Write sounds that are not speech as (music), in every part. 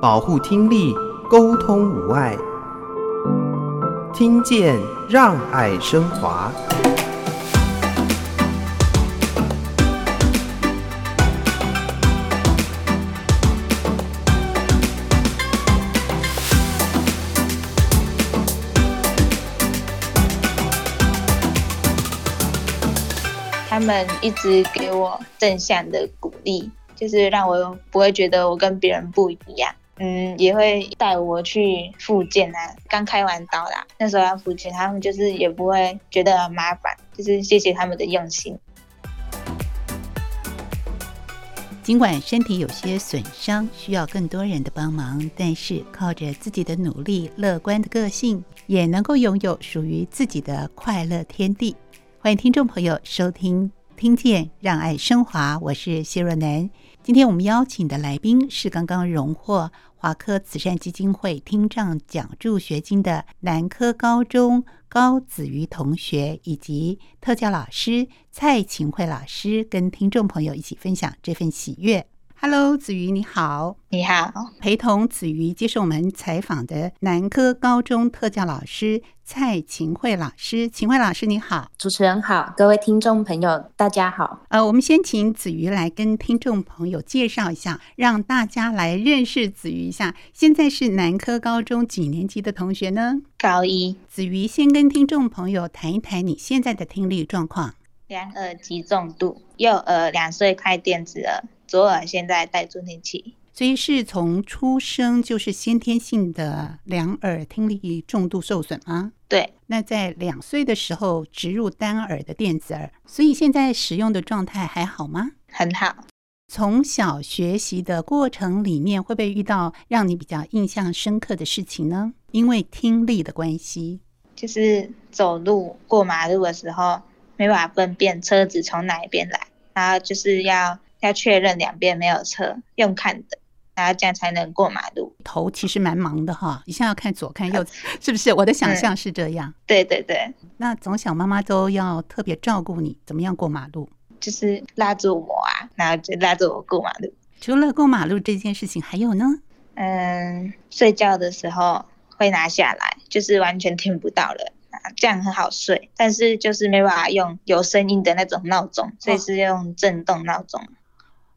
保護聽力，溝通無礙。聽見，讓愛聲華。他們一直給我正向的鼓勵，就是讓我不會覺得我跟別人不一樣。嗯，也會帶我去復健吶。剛開完刀啦，那時候要復健，他們就是也不會覺得很麻煩，就是謝謝他們的用心。儘管身體有些損傷，需要更多人的幫忙，但是靠着自己的努力、樂觀的個性，也能夠擁有屬於自己的快樂天地。歡迎聽眾朋友收聽《聽見讓愛聲華》，我是謝若男。今天我們邀請的來賓是剛剛榮獲。華科慈善基金會聽障獎助學金的南科高中高梓瑜同學以及特教老師蔡晴卉老師，跟聽眾朋友一起分享這份喜悅。Hello，梓瑜你好，你好。陪同梓瑜接受我們採訪的南科高中特教老師蔡晴卉老師，晴卉老師你好，主持人好，各位聽眾朋友大家好。呃，我們先請梓瑜來跟聽眾朋友介紹一下，讓大家來認識梓瑜一下。現在是南科高中幾年級的同學呢？高一。梓瑜先跟聽眾朋友談一談你現在的聽力狀況。兩耳極重度，右耳兩歲快電子耳。左耳現在戴助聽器，所以是從出生就是先天性的兩耳聽力重度受損嗎？對，那在兩歲的時候植入單耳的電子耳，所以現在使用的狀態還好嗎？很好。從小學習的過程裡面，會不會遇到讓你比較印象深刻的事情呢？因為聽力的關係，就是走路過馬路的時候沒辦法分辨車子從哪一邊來，然後就是要。要確認兩邊沒有車，用看的，然後這樣才能過馬路。頭其實蠻忙的哈，一下要看左看右， (laughs) 是不是？我的想象是這樣。嗯，對對對，那從小媽媽都要特別照顧你，怎麼樣過馬路？就是拉住我啊，然後就拉着我過馬路。除了過馬路這件事情，還有呢？嗯，睡覺的時候會拿下來，就是完全聽不到了，這樣很好睡。但是就是沒辦法用有聲音的那種鬧鐘，所以是用震動鬧鐘。哦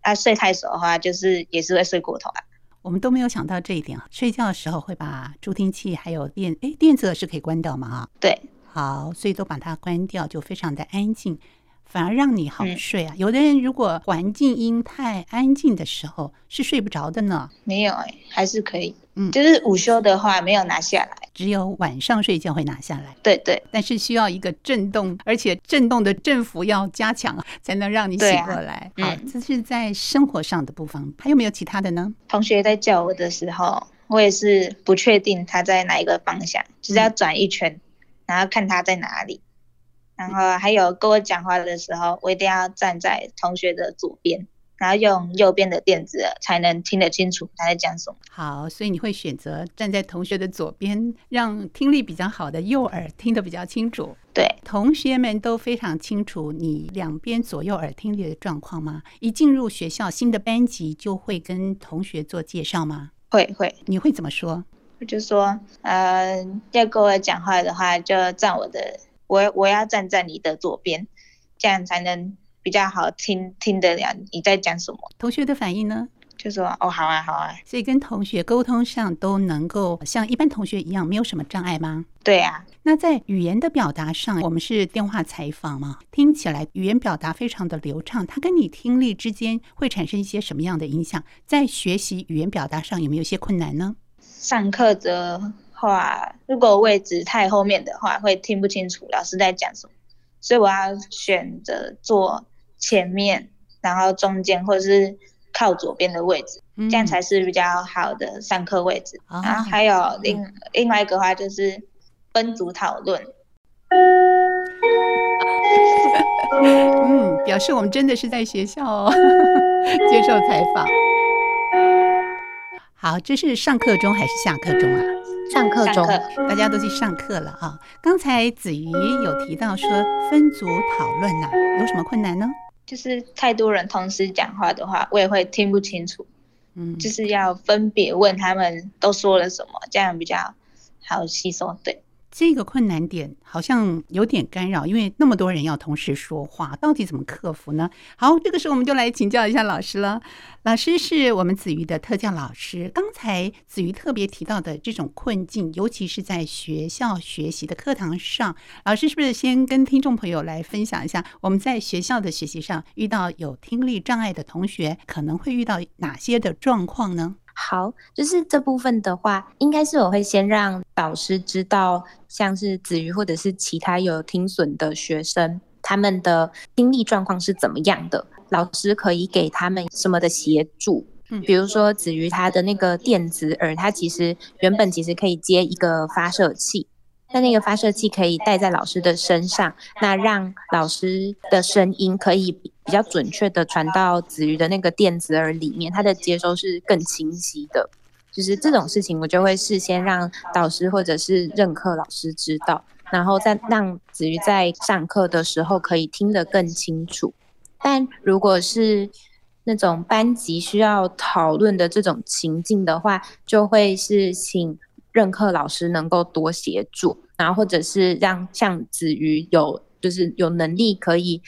啊，睡太熟的話，就是也是會睡過頭啊。我們都沒有想到這一點啊，睡覺的時候會把助聽器還有電哎、欸，電子耳是可以關掉嗎？啊，對，好，所以都把它關掉，就非常的安靜，反而讓你好睡啊。嗯、有的人如果環境音太安靜的時候，是睡不着的呢？沒有哎、欸，還是可以。嗯，就是午休的話沒有拿下來，只有晚上睡覺會拿下來。對對、對，但是需要一個震動，而且震動的振幅要加強，才能讓你醒過來。啊、好、嗯，這是在生活上的部分。還有沒有其他的呢？同學在叫我的時候，我也是不確定他在哪一個方向，只、就是要轉一圈、嗯，然後看他在哪裡。然後還有跟我講話的時候，我一定要站在同學的左邊。然後用右邊的墊子才能聽得清楚他在講什麼。好，所以你會選擇站在同學的左邊，讓聽力比較好的右耳聽得比較清楚。對，同學們都非常清楚你兩邊左右耳聽力的狀況嗎？一進入學校新的班級就會跟同學做介紹嗎？會會，你會怎麼說？我就說，呃，要跟我講話的話，就站我的，我我要站在你的左邊，這樣才能。比較好聽，聽得了。你在講什麼？同學的反應呢？就說哦，好啊，好啊。所以跟同學溝通上都能夠像一般同學一樣，沒有什麼障礙嗎？對啊。那在語言的表達上，我們是電話採訪嘛？聽起來語言表達非常的流暢。他跟你聽力之間會產生一些什麼樣的影響？在學習語言表達上有沒有一些困難呢？上課的話，如果位置太後面的話，會聽不清楚老師在講什麼，所以我要選擇做。前面，然後中間或者是靠左邊的位置，嗯，這樣才是比較好的上課位置。啊、然後還有另另外一個話就是分組討論。嗯，表示我們真的是在學校，哦、接受採訪。好，這是上課中還是下課中啊？上課中，上課大家都去上課了啊。剛才梓瑜有提到說分組討論吶，啊，有什麼困難呢？就是太多人同時講話的話，我也會聽不清楚。嗯，就是要分別問他們都說了什麼，這樣比較好吸收。對。這個困難點好像有點干擾，因為那麼多人要同時說話，到底怎麼克服呢？好，這個時候我們就來請教一下老師了。老師是我們梓瑜的特教老師，剛才梓瑜特別提到的這種困境，尤其是在學校學習的課堂上，老師是不是先跟聽眾朋友來分享一下，我們在學校的學習上遇到有聽力障礙的同學，可能會遇到哪些的狀況呢？好，就是這部分的話，應該是我會先讓導師知道，像是梓瑜或者是其他有聽損的學生，他們的聽力狀況是怎麼樣的，老師可以給他們什麼的協助。嗯，比如說梓瑜他的那個電子耳，他其實原本其實可以接一個發射器。那那個發射器可以戴在老師的身上，那讓老師的聲音可以比較準確的傳到梓瑜的那個電子耳裡面，他的接收是更清晰的。就是這種事情，我就會事先讓導師或者是任課老師知道，然後再讓梓瑜在上課的時候可以聽得更清楚。但如果是那種班級需要討論的這種情境的話，就會是請。任課老師能夠多協助，然後或者是讓像子瑜有就是有能力可以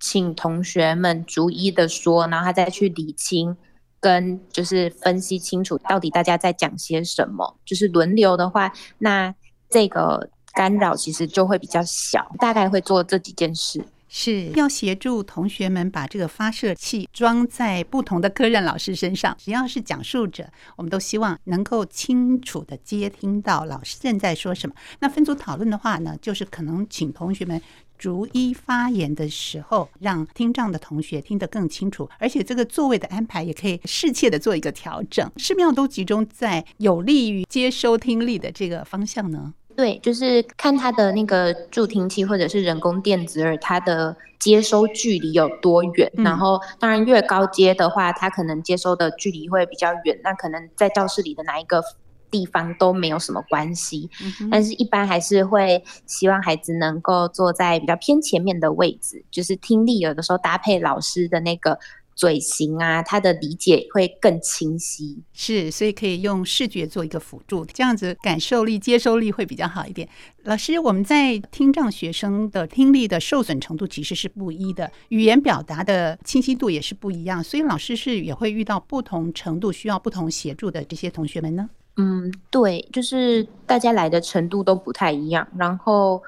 請同學們逐一的說，然後他再去理清跟就是分析清楚到底大家在講些什麼。就是輪流的話，那這個干擾其實就會比較小。大概會做這幾件事。是要協助同學們把這個發射器裝在不同的科任老師身上，只要是講述者，我們都希望能夠清楚地接聽到老師正在說什麼。那分組討論的話呢，就是可能請同學們逐一發言的時候，讓聽障的同學聽得更清楚，而且這個座位的安排也可以適切的做一個調整，盡量都集中在有利於接收聽力的這個方向呢。對，就是看他的那個助聽器或者是人工電子耳，他的接收距離有多遠。嗯、然後，當然越高階的話，他可能接收的距離會比較遠，那可能在教室裡的哪一個地方都沒有什麼關係。嗯、但是，一般還是會希望孩子能夠坐在比較偏前面的位置，就是聽力有的時候搭配老師的那個。嘴型啊，他的理解會更清晰。是，所以可以用視覺做一個輔助，這樣子感受力、接收力會比較好一點。老師，我們在聽障學生的聽力的受損程度其實是不一的，語言表達的清晰度也是不一樣。所以老師是也會遇到不同程度需要不同協助的這些同學們呢？嗯，對，就是大家來的程度都不太一樣，然後。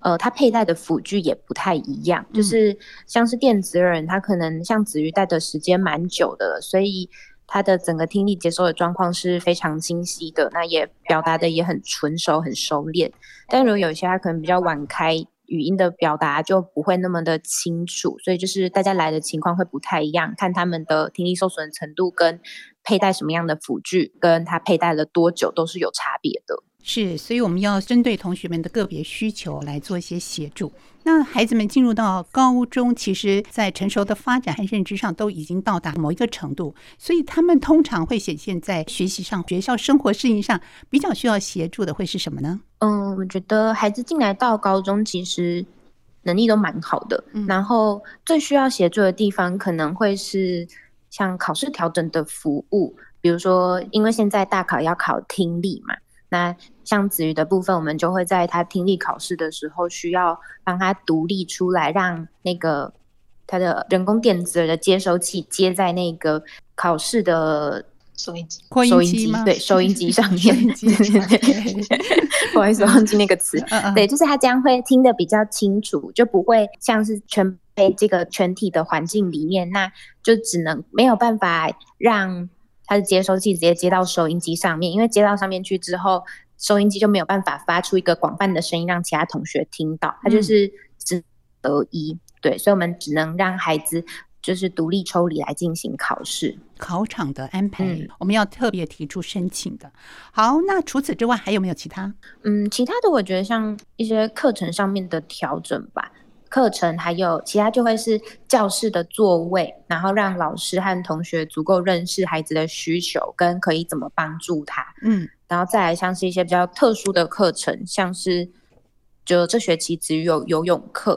呃，他佩戴的輔具也不太一樣，就是像是電子人，他可能像梓瑜戴的時間蠻久的，所以他的整個聽力接收的狀況是非常清晰的，那也表達的也很純熟、很熟練。但如果有些他可能比較晚開語音的表達，就不會那麼的清楚，所以就是大家來的情況會不太一樣，看他們的聽力受損程度、跟佩戴什麼樣的輔具、跟他佩戴了多久都是有差別的。是，所以我們要針對同學們的個別需求來做一些協助。那孩子們進入到高中，其實，在成熟的發展和認知上都已經到達某一個程度，所以他們通常會顯現在學習上、學校生活適應上比較需要協助的會是什麼呢？嗯，我覺得孩子進來到高中，其實能力都蠻好的。嗯，然後最需要協助的地方可能會是像考試調整的服務，比如說，因為現在大考要考聽力嘛。那像梓瑜的部分，我們就會在他聽力考試的時候，需要幫他獨立出來，讓那個他的人工電子耳的接收器接在那個考試的收音機，收音機嗎？對，收音機上面。上面 (laughs) (laughs) (laughs) 不好意思， (laughs) 忘記那個詞、嗯嗯。對，就是他將會聽得比較清楚，就不會像是全被這個全體的環境裡面，那就只能沒有辦法讓。它的接收器直接接到收音機上面，因為接到上面去之後，收音機就沒有辦法發出一個廣泛的聲音，讓其他同學聽到，它就是只得一、嗯、對，所以我們只能讓孩子就是獨立抽離來進行考試。考場的安排，嗯、我們要特別提出申請的。好，那除此之外還有沒有其他？嗯，其他的我覺得像一些課程上面的調整吧。課程還有其他就會是教室的座位，然後讓老師和同學足夠認識孩子的需求跟可以怎麼幫助他，嗯，然後再來像是一些比較特殊的課程，像是就這學期只有游泳課，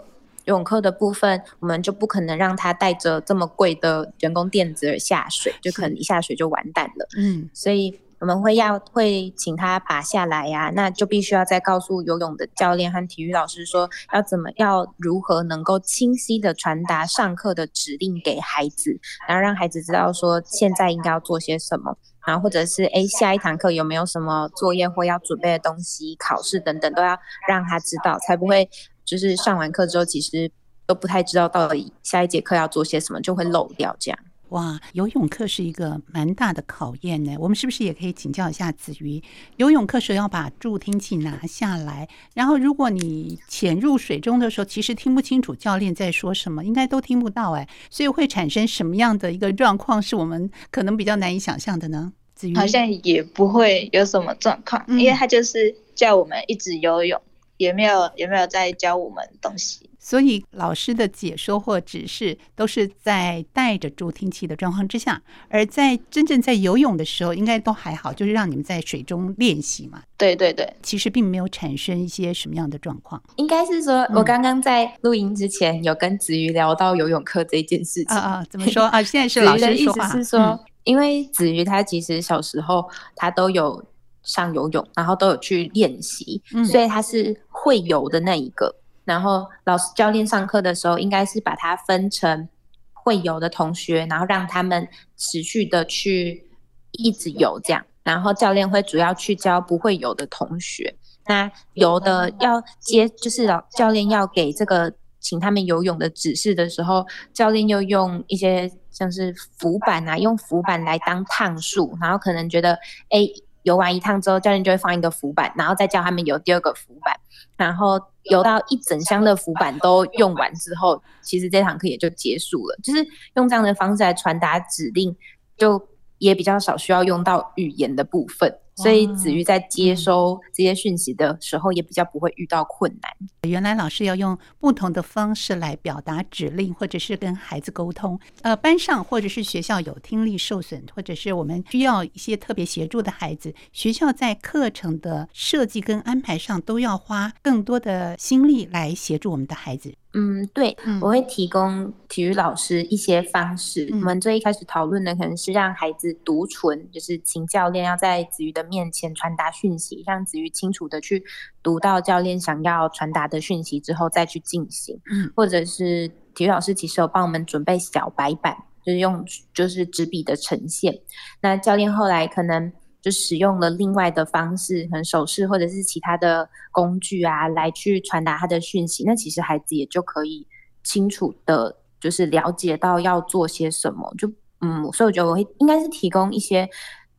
游泳課的部分我們就不可能讓他帶着這麼貴的人工電子耳下水，就可能一下水就完蛋了，嗯，所以。我們會要會請他拔下來呀、啊，那就必須要再告訴游泳的教練和體育老師說，要怎麼要如何能夠清晰的傳達上課的指令給孩子，然後讓孩子知道說，現在應該要做些什麼，然後或者是，哎，下一堂課有沒有什麼作業或要準備的東西、考試等等，都要讓他知道，才不會就是上完課之後其實都不太知道到底下一節課要做些什麼，就會漏掉這樣。哇，游泳課是一個蠻大的考驗呢。我們是不是也可以請教一下梓瑜？游泳課是要把助聽器拿下來，然後如果你潛入水中的時候，其實聽不清楚教練在說什麼，應該都聽不到誒。所以會產生什麼樣的一個狀況，是我們可能比較難以想象的呢？梓瑜好像也不會有什麼狀況，嗯，因為他就是叫我們一直游泳。有沒有有沒有在教我們東西？所以老師的解說或指示都是在帶着助聽器的狀況之下，而在真正在游泳的時候，應該都還好，就是讓你們在水中練習嘛。對對對，其實並沒有產生一些什麼樣的狀況。應該是說，我剛剛在錄音之前有跟梓瑜聊到游泳課這件事情啊啊、嗯哦哦，怎麼說啊？現在是老師 (laughs) 的意思是說，嗯、因為梓瑜他其實小時候他都有上游泳，然後都有去練習、嗯，所以他是，會游的那一個，然後老師教練上課的時候，應該是把它分成會游的同學，然後讓他們持續的去一直游這樣。然後教練會主要去教不會游的同學。那游的要接，就是老教練要給這個請他們游泳的指示的時候，教練又用一些像是浮板啊，用浮板來當趟數，然後可能覺得哎。誒游完一趟之後，教練就會放一個浮板，然後再叫他們游第二個浮板，然後游到一整箱的浮板都用完之後，其實這堂課也就結束了。就是用這樣的方式來傳達指令，就也比較少需要用到語言的部分。所以梓瑜在接收這些訊息的時候，也比較不會遇到困難。Wow, um, 原來老師要用不同的方式來表達指令，或者是跟孩子溝通。呃，班上或者是學校有聽力受損，或者是我們需要一些特別協助的孩子，學校在課程的設計跟安排上都要花更多的心力來協助我們的孩子。嗯，對，我會提供體育老師一些方式。嗯、我們最一開始討論的可能是讓孩子讀唇，嗯，就是請教練要在梓瑜的面前傳達訊息，讓梓瑜清楚的去讀到教練想要傳達的訊息之後再去進行。嗯，或者是體育老師其實有幫我們準備小白板，就是用就是紙筆的呈現。那教練後來可能，就使用了另外的方式，可能手勢或者是其他的工具啊，來去傳達他的訊息。那其實孩子也就可以清楚的，就是了解到要做些什麼。就嗯，所以我覺得我會應該是提供一些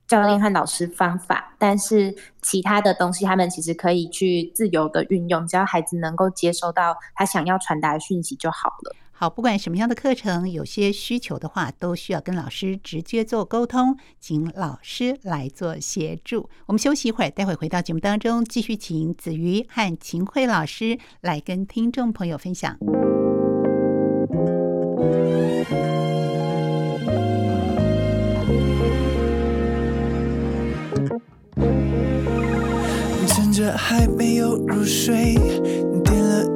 教練和老師方法，但是其他的東西他們其實可以去自由的運用，只要孩子能夠接收到他想要傳達的訊息就好了。好，不管什麼樣的課程，有些需求的話，都需要跟老師直接做溝通，請老師來做協助。我們休息一會兒，待會回到節目當中，繼續請梓瑜和晴卉老師來跟聽眾朋友分享。趁着還沒有入睡。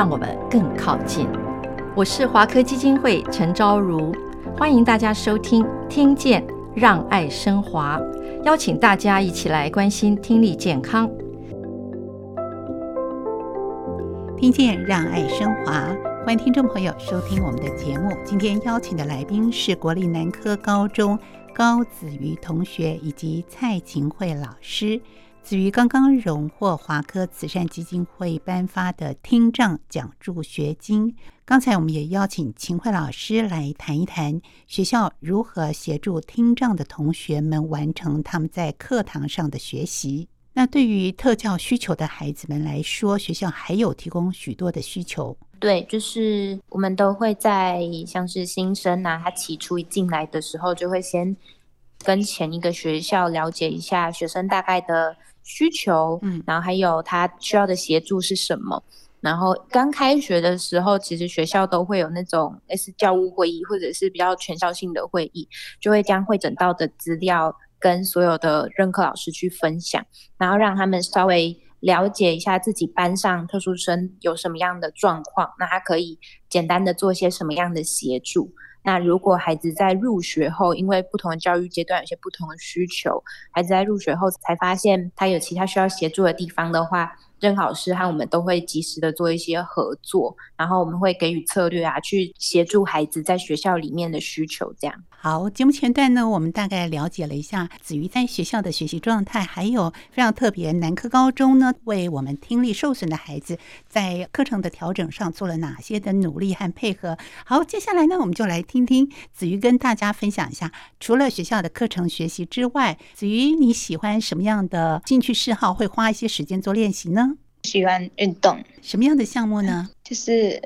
讓我們更靠近。我是華科基金會陳昭如，歡迎大家收聽《聽見讓愛聲華》，邀請大家一起來關心聽力健康。《聽見讓愛聲華》，歡迎聽眾朋友收聽我們的節目。今天邀請的來賓是國立南科高中高梓瑜同學以及蔡晴卉老師。梓瑜剛剛榮獲華科慈善基金會頒發的聽障獎助學金。剛才我們也邀請晴卉老師來談一談學校如何協助聽障的同學們完成他們在課堂上的學習。那對於特教需求的孩子們來說，學校還有提供許多的需求。對，就是我們都會在像是新生啊，他起初一進來的時候，就會先。跟前一個學校了解一下學生大概的需求，嗯，然後還有他需要的協助是什麼。嗯，然後剛開學的時候，其實學校都會有那種，類似教務會議或者是比較全校性的會議，就會將彙整到的資料跟所有的任課老師去分享，然後讓他們稍微了解一下自己班上特殊生有什麼樣的狀況，那他可以簡單的做些什麼樣的協助。那如果孩子在入學後，因為不同的教育階段有些不同的需求，孩子在入學後才發現他有其他需要協助的地方的話。任老師和我們都會及時的做一些合作，然後我們會給予策略啊，去協助孩子在學校裡面的需求這樣。好，節目前段呢，我們大概了解了一下梓瑜在學校的學習狀態，還有非常特別，南科高中呢，為我們聽力受損的孩子在課程的調整上做了哪些的努力和配合。好，接下來呢，我們就來聽聽梓瑜跟大家分享一下，除了學校的課程學習之外，梓瑜你喜歡什麼樣的興趣嗜好，會花一些時間做練習呢？喜歡運動，什麼樣的項目呢？就是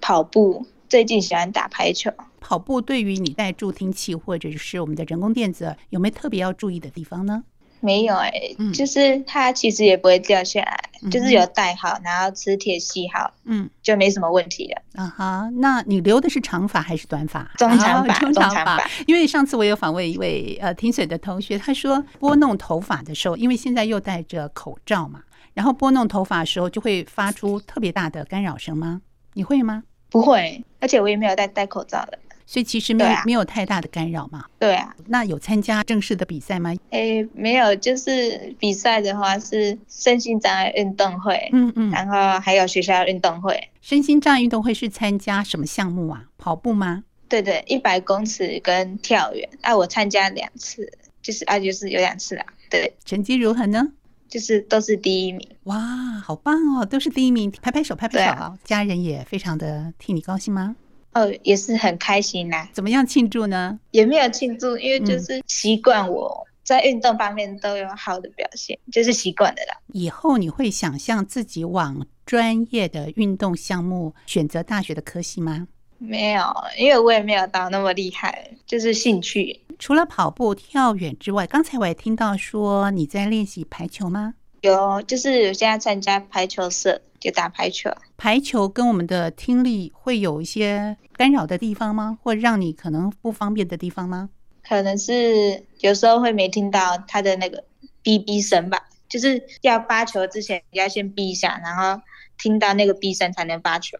跑步。最近喜歡打排球。跑步對於你戴助聽器或者是我們的人工電子，有沒有特別要注意的地方呢？沒有哎、欸嗯，就是它其實也不會掉下來，嗯、就是有戴好，嗯、然後磁鐵吸好，嗯，就沒什麼問題了。啊哈，那你留的是長髮還是短髮？中長髮，哦、中長髮中長髮。因為上次我有訪問一位呃聽損的同學，他說撥弄頭髮的時候，嗯、因為現在又戴着口罩嘛。然後撥弄頭髮的時候就會發出特別大的干擾聲嗎？你會嗎？不會，而且我也沒有戴戴口罩的，所以其實沒、啊、沒有太大的干擾嘛。對啊。那有參加正式的比賽嗎？誒，沒有，就是比賽的話是身心障礙運動會，嗯嗯，然後還有學校運動會。身心障礙運動會是參加什麼項目啊？跑步嗎？對對，一百公尺跟跳遠。那、啊、我參加兩次，就是啊，就是有兩次啦。對。成績如何呢？就是都是第一名哇，好棒哦！都是第一名，拍拍手，拍拍手、啊。家人也非常的替你高興嗎？哦，也是很開心啦、啊。怎麼樣慶祝呢？也沒有慶祝，因為就是習慣我在運動方面都有好的表現，嗯、就是習慣的啦。以後你會想象自己往專業的運動項目選擇大學的科系嗎？沒有，因為我也沒有到那麼厲害，就是興趣。除了跑步、跳遠之外，剛才我也聽到說你在練習排球嗎？有，就是有。現在參加排球社，就打排球。排球跟我們的聽力會有一些干擾的地方嗎？或讓你可能不方便的地方嗎？可能是有時候會沒聽到他的那個嗶嗶聲吧，就是要發球之前你要先嗶一下，然後聽到那個嗶聲才能發球。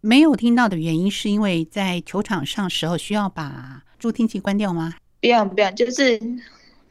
沒有聽到的原因是因為在球場上時候需要把。助聽器關掉嗎？不要不要，就是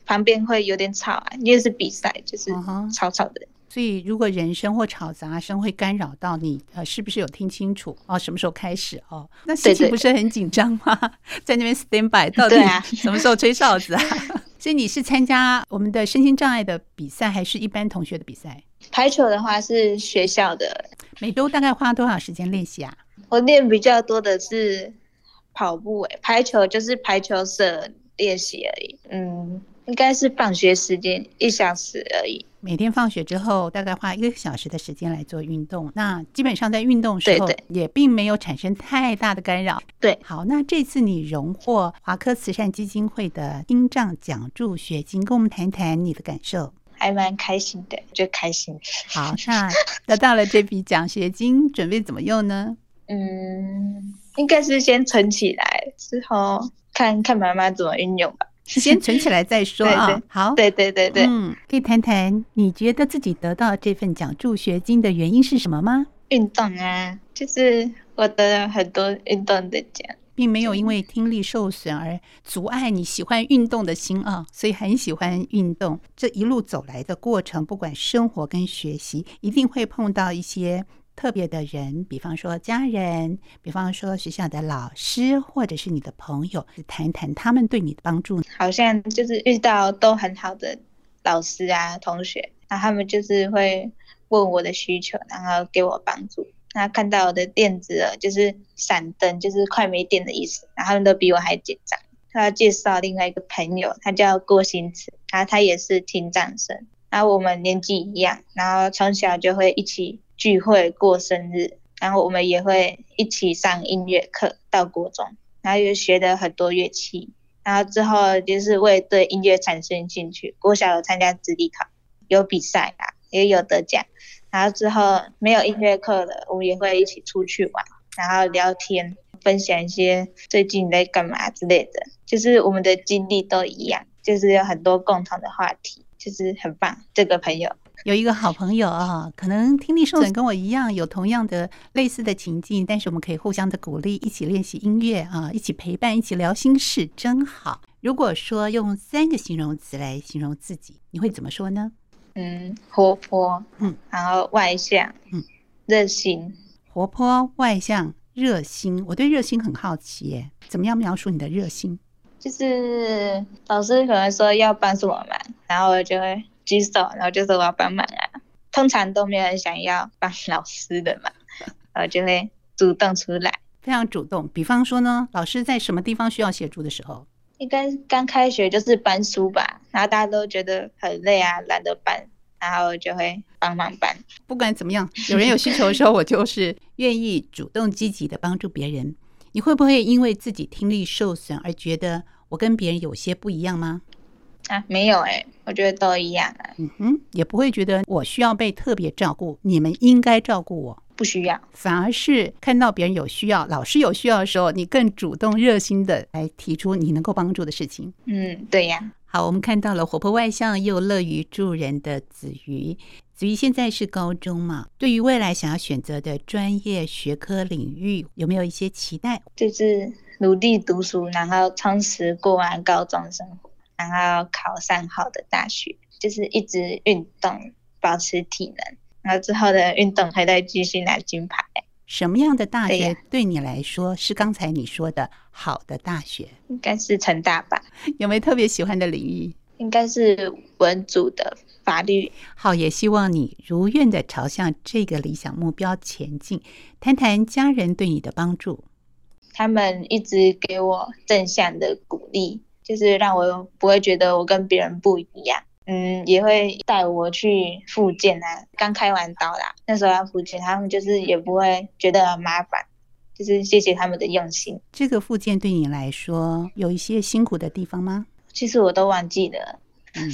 旁邊會有點吵啊，因為是比賽，就是吵吵的、uh-huh。所以如果人聲或吵雜聲會干擾到你，呃，是不是有聽清楚？哦，什麼時候開始？哦，那心情不是很緊張嗎？對對，在那邊 stand by，到底對啊，什麼時候吹哨子啊？ (laughs) 所以你是參加我們的身心障礙的比賽，還是一般同學的比賽？排球的話是學校的。每周大概花多少時間練習啊？我練比較多的是。跑步誒、欸，排球就是排球社練習而已。嗯，應該是放學時間一小時而已。每天放學之後大概花一個小時的時間來做運動，那基本上在運動時候對對對也並沒有產生太大的干擾。對，好，那這次你榮獲華科慈善基金會的聽障獎助學金，跟我們談談你的感受，還蠻開心的，就開心。好，那得到了這筆獎學金， (laughs) 準備怎麼用呢？嗯。應該是先存起來，之後看看媽媽怎麼運用吧。先存起來再說啊 (laughs) 對對。好，對對對對，嗯，可以談談你覺得自己得到這份獎助學金的原因是什麼嗎？運動啊，嗯，就是我得了很多運動的獎。嗯啊，並沒有因為聽力受損而阻礙你喜歡運動的心啊，所以很喜歡運動。這一路走來的過程，不管生活跟學習，一定會碰到一些。特別的人，比方說家人，比方說學校的老師，或者是你的朋友，談一談他們對你的幫助。好像就是遇到都很好的老師啊，同學，那他們就是會問我的需求，然後給我幫助。那看到我的電子耳就是閃燈，就是快沒電的意思，然後他們都比我還緊張。他介紹另外一個朋友，他叫郭新慈，然後他也是聽障生，然後我們年紀一樣，然後從小就會一起，聚會過生日，然後我們也會一起上音樂課到國中，然後又學了很多樂器。然後之後就是會對音樂產生興趣，國小有參加智力考，有比賽啊，也有得獎。然後之後沒有音樂課了，我們也會一起出去玩，然後聊天，分享一些最近在幹嘛之類的。就是我們的經歷都一樣，就是有很多共同的話題，就是很棒，這個朋友。有一個好朋友啊、哦，可能聽力受損，跟我一樣有同樣的類似的情境，但是我們可以互相的鼓勵，一起練習音樂啊，一起陪伴，一起聊心事，真好。如果說用三個形容詞來形容自己，你會怎麼說呢？嗯，活潑，嗯，然後外向，嗯，熱心，活潑、外向、熱心。我對熱心很好奇耶，怎麼樣描述你的熱心？就是老師可能說要幫助我們，然後我就會。舉手，然後就說我要幫忙啊。通常都沒有人想要幫老師的嘛，然後就會主動出來，非常主動。比方說呢，老師在什麼地方需要協助的時候，一般剛開學就是搬書吧，然後大家都覺得很累啊，懶得搬，然後就會幫忙搬。不管怎麼樣，有人有需求的時候， (laughs) 我就是願意主動積極地幫助別人。你會不會因為自己聽力受損而覺得我跟別人有些不一樣嗎？啊，沒有哎、欸，我覺得都一樣啊。嗯哼，也不會覺得我需要被特別照顧，你們應該照顧我。不需要，反而是看到別人有需要，老師有需要的時候，你更主動、熱心的來提出你能夠幫助的事情。嗯，對呀、啊。好，我們看到了活潑外向又樂於助人的梓瑜。梓瑜現在是高中嘛？對於未來想要選擇的專業學科領域，有沒有一些期待？就是努力讀書，然後充實過完高中生活。然後考上好的大學，就是一直運動，保持體能，然後之後的運動還在繼續拿金牌。什麼樣的大學對你來說是剛才你說的好的大學？應該是成大吧。有沒有特別喜歡的領域？應該是文組的法律。好，也希望你如願的朝向這個理想目標前進。談談家人對你的幫助。他們一直給我正向的鼓勵。就是讓我不會覺得我跟別人不一樣，嗯，也會帶我去復健啊。剛開完刀啦，那時候要復健，他們就是也不會覺得很麻煩。就是謝謝他們的用心。這個復健對你來說有一些辛苦的地方嗎？其實我都忘記了，嗯，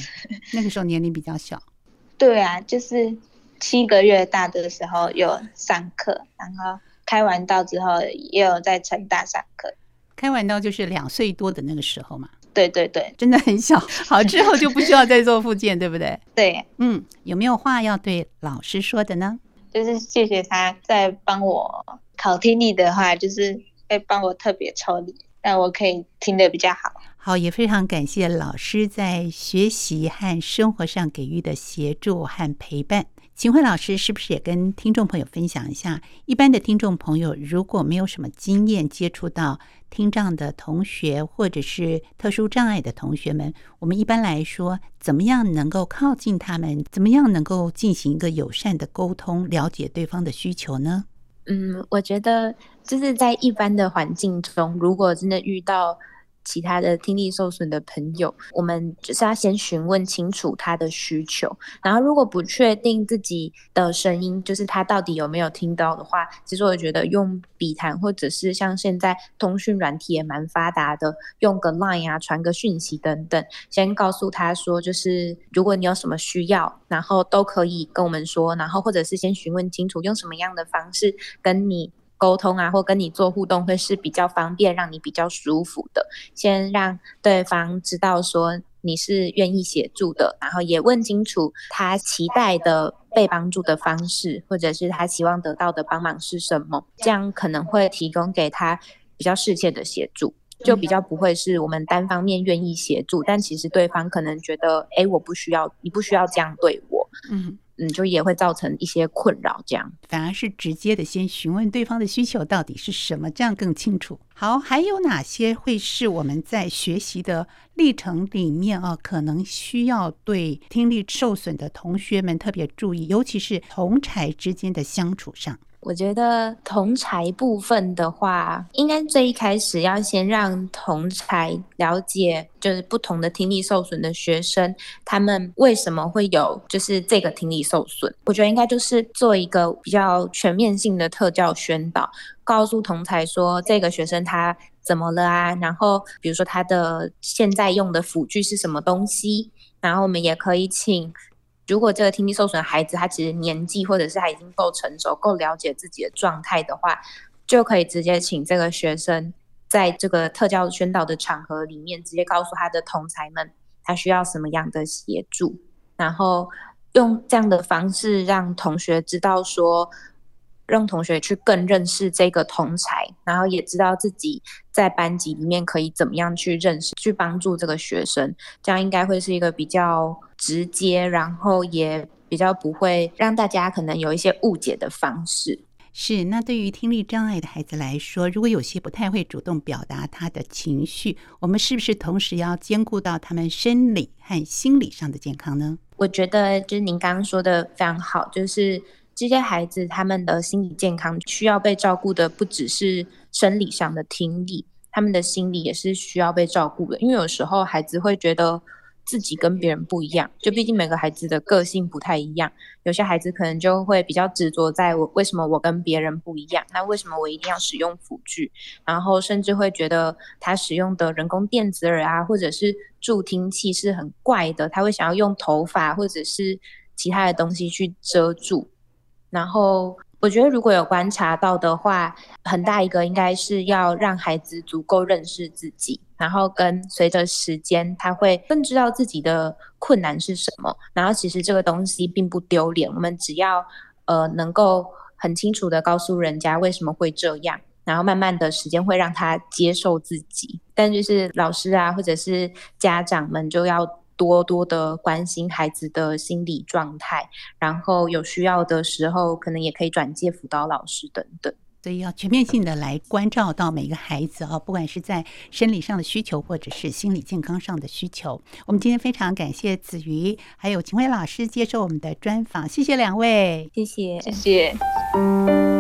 那個時候年齡比較小。 (laughs) 對啊，就是七個月大的時候有上課，然後開完刀之後也有在成大上課。開完刀就是兩歲多的那個時候嘛。對對對，真的很小。好，之後就不需要再做復健， (laughs) 對不對？對，嗯，有沒有話要對老師說的呢？就是謝謝他在幫我考聽力的話，就是會幫我特別抽離，讓我可以聽得比較好。好，也非常感謝老師在學習和生活上給予的協助和陪伴。晴卉老師是不是也跟聽眾朋友分享一下？一般的聽眾朋友如果沒有什麼經驗，接觸到聽障的同學或者是特殊障礙的同學們，我們一般來說怎麼樣能夠靠近他們？怎麼樣能夠進行一個友善的溝通，了解對方的需求呢？嗯，我覺得就是在一般的環境中，如果真的遇到。其他的聽力受損的朋友，我們就是要先詢問清楚他的需求，然後如果不確定自己的聲音，就是他到底有沒有聽到的話，其實我覺得用筆談或者是像現在通訊軟體也蠻發達的，用個 Line 啊，傳個訊息等等，先告訴他說，就是如果你有什麼需要，然後都可以跟我們說，然後或者是先詢問清楚用什麼樣的方式跟你溝通啊，或跟你做互動會是比較方便，讓你比較舒服的。先讓對方知道說你是願意協助的，然後，也問清楚他期待的被幫助的方式，或者是他希望得到的幫忙是什麼，這樣可能會提供給他比較適切的協助。就比較不會是我們單方面願意協助，但其實對方可能覺得，哎、欸，我不需要，你不需要這樣對我，嗯嗯，就也會造成一些困擾這樣。反而是直接的先詢問對方的需求到底是什麼，這樣更清楚。好，還有哪些會是我們在學習的歷程裡面啊，可能需要對聽力受損的同學們特別注意，尤其是同儕之間的相處上。我覺得同儕部分的話，應該最一開始要先讓同儕了解，就是不同的聽力受損的學生，他們為什麼會有就是這個聽力受損。我覺得應該就是做一個比較全面性的特教宣導，告訴同儕說這個學生他怎麼了啊？然後比如說他的現在用的輔具是什麼東西？然後我們也可以請。如果這個聽力受損的孩子，他其實年紀或者是他已經夠成熟、夠了解自己的狀態的話，就可以直接請這個學生在這個特教宣導的場合裡面，直接告訴他的同儕們，他需要什麼樣的協助，然後用這樣的方式讓同學知道說。讓同學去更認識這個同儕，然後也知道自己在班級裡面可以怎麼樣去認識、去幫助這個學生，這樣應該會是一個比較直接，然後也比較不會讓大家可能有一些誤解的方式。是，那對於聽力障礙的孩子來說，如果有些不太會主動表達他的情緒，我們是不是同時要兼顧到他們生理和心理上的健康呢？我覺得就是您剛剛說的非常好，就是。這些孩子他們的心理健康需要被照顧的不只是生理上的聽力，他們的心理也是需要被照顧的。因為有時候孩子會覺得自己跟別人不一樣，就畢竟每個孩子的個性不太一樣。有些孩子可能就會比較執着在我為什麼我跟別人不一樣？那為什麼我一定要使用輔具？然後甚至會覺得他使用的人工電子耳啊，或者是助聽器是很怪的，他會想要用頭髮或者是其他的東西去遮住。然後我覺得，如果有觀察到的話，很大一個應該是要讓孩子足夠認識自己，然後跟隨着時間，他會更知道自己的困難是什麼。然後其實這個東西並不丟臉，我們只要呃能夠很清楚地告訴人家為什麼會這樣，然後慢慢的時間會讓他接受自己。但就是老師啊，或者是家長們就要。多多的關心孩子的心理狀態，然後有需要的時候，可能也可以轉介輔導老師等等。所以要全面性的來關照到每一個孩子啊，不管是在生理上的需求，或者是心理健康上的需求。我們今天非常感謝梓瑜還有晴卉老師接受我們的專訪，謝謝兩位，謝謝，謝謝。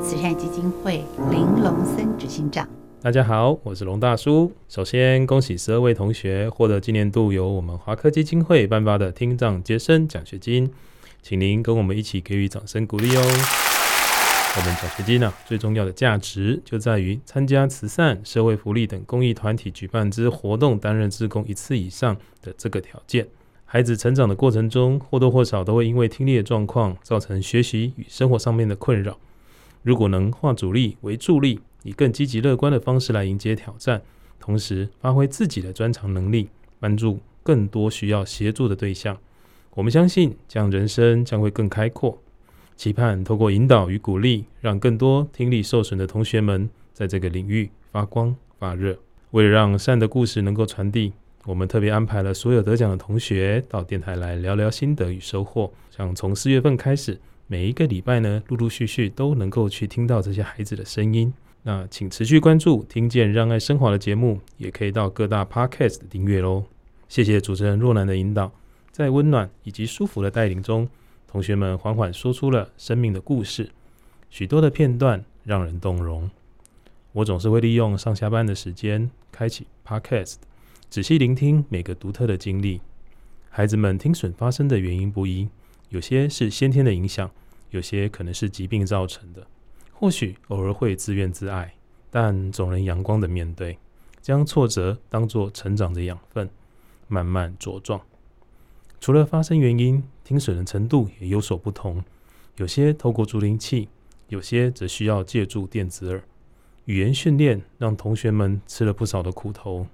慈善基金會林龍森執行長，大家好，我是龍大叔。首先恭喜十二位同學獲得今年度由我們華科基金會頒發的聽障學生獎學金，請您跟我們一起給予掌聲鼓勵哦。 (laughs) 我們獎學金呢、啊、最重要的價值就在於參加慈善、社會福利等公益團體舉辦之活動，擔任志工一次以上的這個條件。孩子成長的過程中，或多或少都會因為聽力的狀況造成學習與生活上面的困擾。如果能化阻力為助力，以更積極樂觀的方式來迎接挑戰，同時發揮自己的專長能力，幫助更多需要協助的對象，我們相信，這樣人生將會更開闊。期盼透過引導與鼓勵，讓更多聽力受損的同學們在這個領域發光發熱。為了讓善的故事能夠傳遞，我們特別安排了所有得獎的同學到電臺來聊聊心得與收穫。將從四月份開始。每一個禮拜呢，陸陸續續都能夠去聽到這些孩子的聲音。那請持續關注，聽見讓愛聲華的節目，也可以到各大 Podcast 訂閱嘍。謝謝主持人若男的引導，在溫暖以及舒服的帶領中，同學們緩緩說出了生命的故事，許多的片段讓人動容。我總是會利用上下班的時間開啟 Podcast，仔細聆聽每個獨特的經歷。孩子們聽損發生的原因不一，有些是先天的影響。有些可能是疾病造成的，或許偶爾會自怨自艾，但總能陽光的面對，將挫折當作成長的養分，慢慢茁壯。除了發生原因，聽損的程度也有所不同，有些透過助聽器，有些則需要借助電子耳。語言訓練讓同學們吃了不少的苦頭，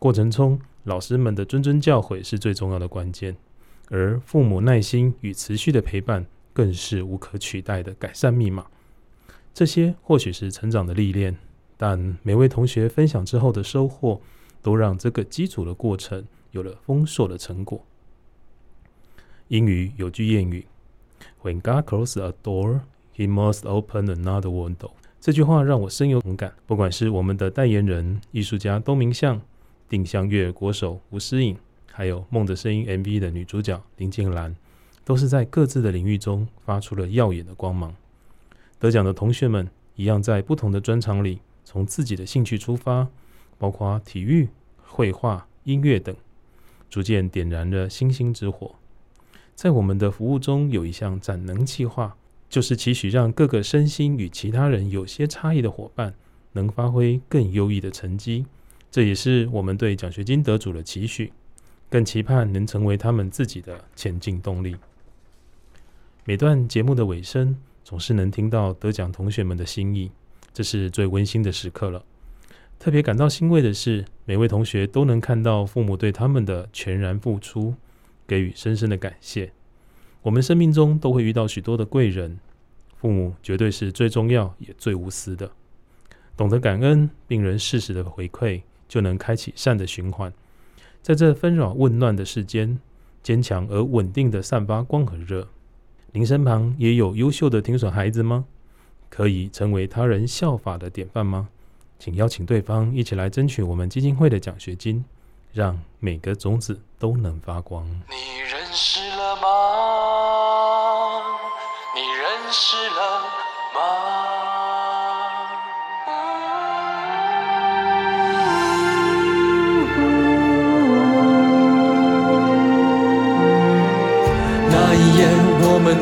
過程中，老師們的諄諄教誨是最重要的關鍵，而父母耐心與持續的陪伴，更是無可取代的改善密碼。這些或許是成長的歷練，但每位同學分享之後的收穫，都讓這個基礎的過程有了豐碩的成果。英語有句諺語：“When God closed a door, he must open another window。”這句話讓我深有同感。不管是我們的代言人、藝術家東明相、定向越野、國手吳思穎，還有《夢的聲音》MV 的女主角林靜蘭。都是在各自的領域中發出了耀眼的光芒。得獎的同學們一樣，在不同的專長裡，從自己的興趣出發，包括體育、繪畫、音樂等，逐漸點燃了星星之火。在我們的服務中，有一項展能計劃，就是期許讓各個身心與其他人有些差異的伙伴，能發揮更優異的成績。這也是我們對獎學金得主的期許，更期盼能成為他們自己的前進動力。每段節目的尾聲，總是能聽到得獎同學們的心意，這是最溫馨的時刻了。特別感到欣慰的是，每位同學都能看到父母對他們的全然付出，給予深深的感謝。我們生命中都會遇到許多的貴人，父母絕對是最重要，也最無私的。懂得感恩，並能適時的回饋，就能開啟善的循環。在這紛擾混亂的世間，堅強而穩定的散發光和熱。您身旁也有優秀的聽損孩子嗎？可以成為他人效法的典範嗎？請邀請對方一起來爭取我們基金會的獎學金，讓每個種子都能發光。你認識了嗎？你認識了嗎？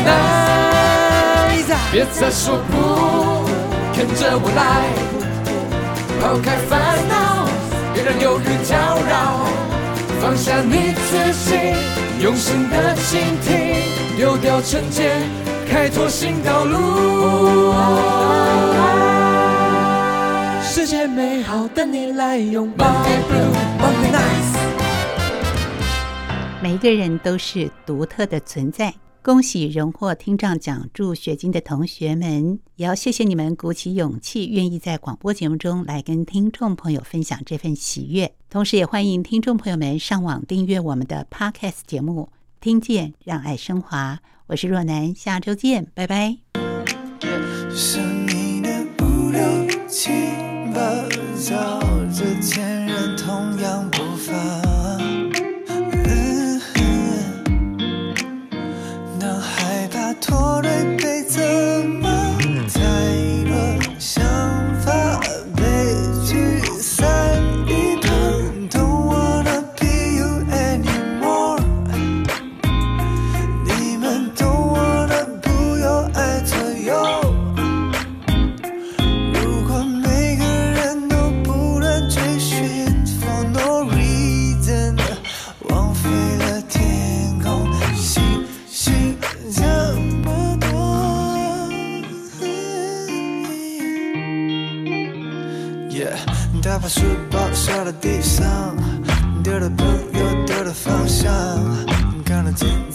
Nice, nice, 別再說不，nice, 跟著我來、哦，拋開煩惱，別讓猶豫攪擾，放下你自己，用心的傾聽，丟掉，開拓新道路，世界美好等你來擁抱。每個人都是獨特的存在。恭喜榮獲聽障獎助學金的同學們，也要謝謝你們鼓起勇氣，願意在廣播節目中來跟聽眾朋友分享這份喜悅。同時，也歡迎聽眾朋友們上網訂閱我們的 Podcast 節目《聽見讓愛聲華》。我是若男，下週見，拜拜。你的不書包甩到地上，丟了朋友，丟了方向，看得見。